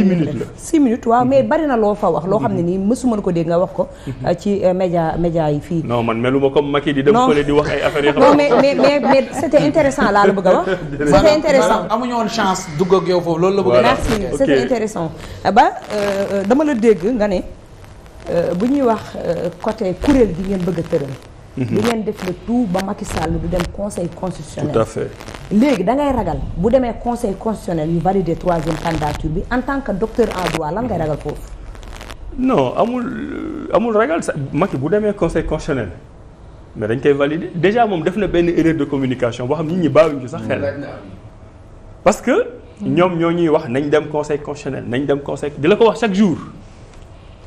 six minutes la six minutes waaw mais bari na loo fa wax loo xam ne nii mësuma ko dégg nga wax ko mhm. ci euh, média média yi fii non man meluma comme Macky di dem fële di wax ay affaires yi non mais mais mais c'était intéressant laa la bëgg a wax c'était intéressant amuñu woon chance dugg ak yow foofu loolu la bëgg ah ba euh, euh, dama la dégg nga ne bu ñuy wax côté kuréel gi ngeen bëgg a tëral Mhm. di ngeen def le tout ba Macky Sall du dem conseil constitutionnel. tout à fait léegi da ragal bu demee conseil constitutionnel ñu valider troisième candidature bi en tant que docteur en droit lan ngay mhm. ragal foofu. non amul euh, amul ragal sax Macky bu demee conseil constitutionnel mais dañ koy valider déjà moom def na benn erreur de communication boo xam nit ñi bàyyiwuñ ci sax xel. Mm. parce que mm. ñoom ñoo ñuy wax nañ dem conseil constitutionnel nañ dem conseil di la ko wax chaque jour.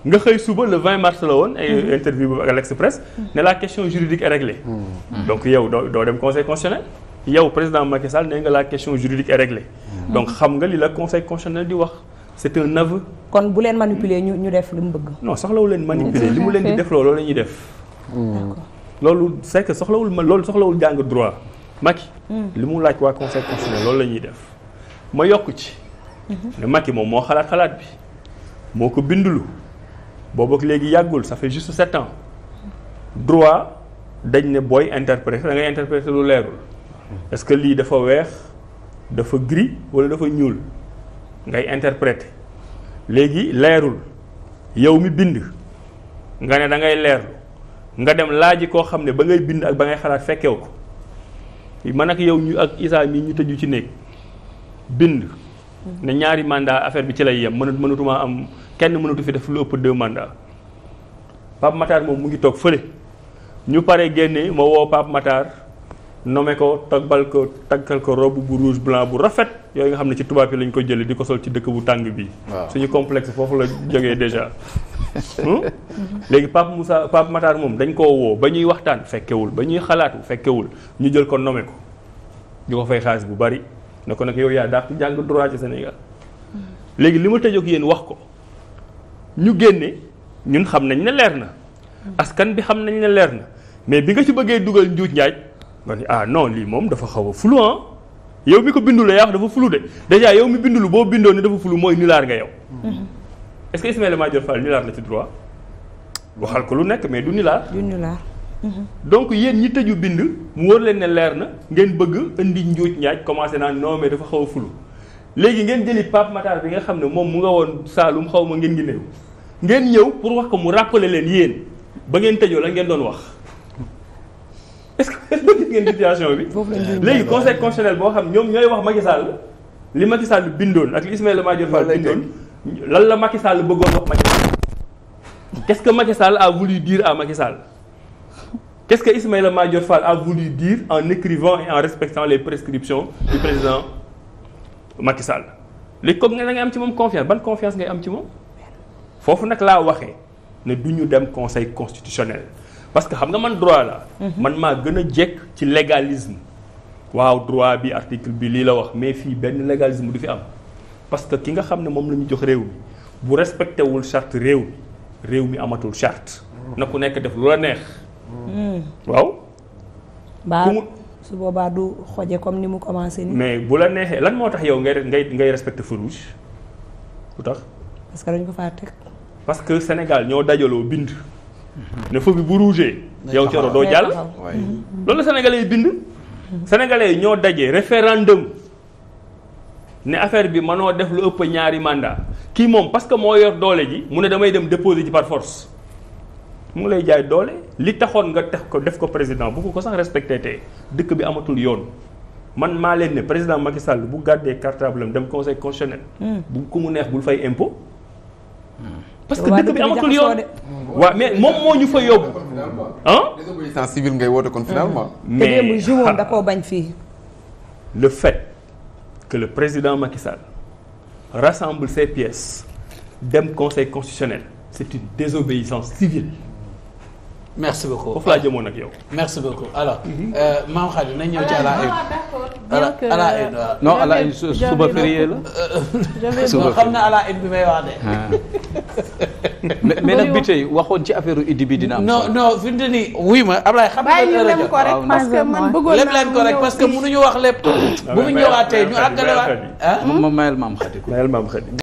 nga xëy suba le vingt mars la woon. ay mhm. interview boobu ak l'Express. ne la question juridique est réglée. Mhm. donc yow doo doo dem conseil constitutionnel. yow président Macky Sall nee nga la question juridique est réglée. Mhm. donc xam nga li la conseil constitutionnel di wax. c'est un aveu. kon bu leen manipuler ñu ñu def li mu bëgg. no soxlawu leen manipuler li mu leen di def loolu la def. loolu c'est que soxlawul ma loolu soxlawul jàng droit Macky. Mm. li mu laaj waa conseil constitutionnel loolu la ñuy def ma yokk ci. ne Macky moom moo xalaat xalaat bi moo ko bindulu. boobu ak léegi yàggul sa fait juste sept ans droit dañ ne booy interpréter da ngay interpréter lu leerul est que lii dafa weex dafa gris walla dafa ñuul ngay interpréter léegi leerul yow mi bind nga ne da ngay leerlu nga dem laaj koo xam ne ba ngay bind ak ba ngay xalaat fekkew ko man ak yow ñu ak isaa mii ñu tëju ci néeg bind ne ñaari mandat affaire bi ci lay yem mënut mënatumaa am kenn mënatu fi def lu ëpp deux mandats Pape Matar moom mu ngi toog fële ñu pare génne ma woo Pape Matar nommé ko tagbal ko taggal ko robe bu rouge blanc bu rafet yooyu nga xam ne ci tubaab yi lañ ko jëlee di ko sol ci dëkk bu tàng bi suñu complexe foofu la jógee déjà hmm? léegi Pape Moussa Pape Matar moom dañ koo woo ba ñuy waxtaan fekkewul ba ñuy xalaatu fekkewul ñu jël ko nommé ko di ko fay xaalis bu bari ne ko nag yow yaa dàq jàng droit ci Sénégal hmm. léegi li ma tëjoog yéen wax ko ñu génne ñun xam nañ ne leer na askan bi xam nañ ne leer na mais bi nga ci bëggee dugal njuuj njaaj nga ni ah non lii moom dafa xaw a flou ah. yow mi ko bindule yaa wax dafa flou de déjà yow mi bindulu boo bindoo ni dafa flou mooy nilaar nga yow mm-hmm. est-ce que Ismaïla Madior Fall nilaar la ci droit waxal ko lu nekk mais du nilaar du nilaar mm-hmm. donc yéen ñi tëju bind mu wóor leen ne leer na ngeen bëgg indi njuuj njaaj commencé naa non mais dafa xaw a léegi ngeen jëli Pape Matar bi nga xam ne moom mu nga woon Saalum xaw ma ngeen ngi néew ngeen ñëw pour wax ko mu rappeler leen yéen ba ngeen tëjoo la ngeen doon wax est-ce que ngeen situation bi. léegi conseil constitutionnel boo xam ñoom ñooy wax Macky Sall li Macky Sall bindoon ak li Ismaïla Madior Fall bindoon lan la Macky Sall bëggoon wax Macky Sall qu'est-ce que Macky Sall a voulu dire à Macky Sall qu'est-ce que Ismaïla Madior Fall a voulu dire en écrivant et en respectant les prescriptions du président. Macky Sall léegi comme nga da am ci moom confiance ban confiance ngay am ci moom foofu nag laa waxee ne du ñu dem conseil constitutionnel parce que xam nga man droit la mhm. man maa gën a jekk ci légalisme waaw droit bi article bi lii la wax mais fii benn légalisme du fi am parce que ki nga xam ne moom la ñu jox réew mi bu respecté wul charte réew mi réew mi amatul chart mhm. na ku nekk def lu la neex mhm. waaw su boobaa du xoje comme ni mu commencé nii. mais bu la neexee lan moo tax yow ngay ngay ngay respecté feu rouge lu tax. parce que dañ ko faa teg. parce que Sénégal ñoo dajaloo bind. ne feu bi bu rougé. yow Thioro doo jàll. loolu la bind. sénégalais yi ñoo daje référendum ne affaire bi mënoo def lu ëpp ñaari mandat kii moom parce que moo yor doole ji mu ne damay dem déposer ji par force. mu ngi lay jaay doole li taxoon nga tax ko def ko président bu ko sax respecté tey dëkk bi amatul yoon man maa leen ne président Macky Sall bu gàddee cartable am dem conseil constitutionnel. Hmm. bu ku mu neex bul fay impôt. Hmm. parce que dëkk bi amatul yoon waaw mais moom moo ñu fa yóbbu. ah désobéissance civile ngay woote kon finalement. mais hmm. te démb juróom da koo bañ fii. le fait que le président Macky Sall rassemble ses pièces dem conseil constitutionnel c'est une désobéissance merci beaucoup foofu laa yow. merci beaucoup mm-hmm. alors. Euh, maam Khady nañ ñëw ci la une. bi wax de. Ah. tey waxoon ci affaire Idi bi dina am. non non fi mu ne nii wuy ma xam nga. leen ko rek que man bëggoon naa ko rek parce que wax lépp. Ah, bu mu ñëwaatee ñu àggalewaat. ah ma mayal maam Khady. mayal maam Khady.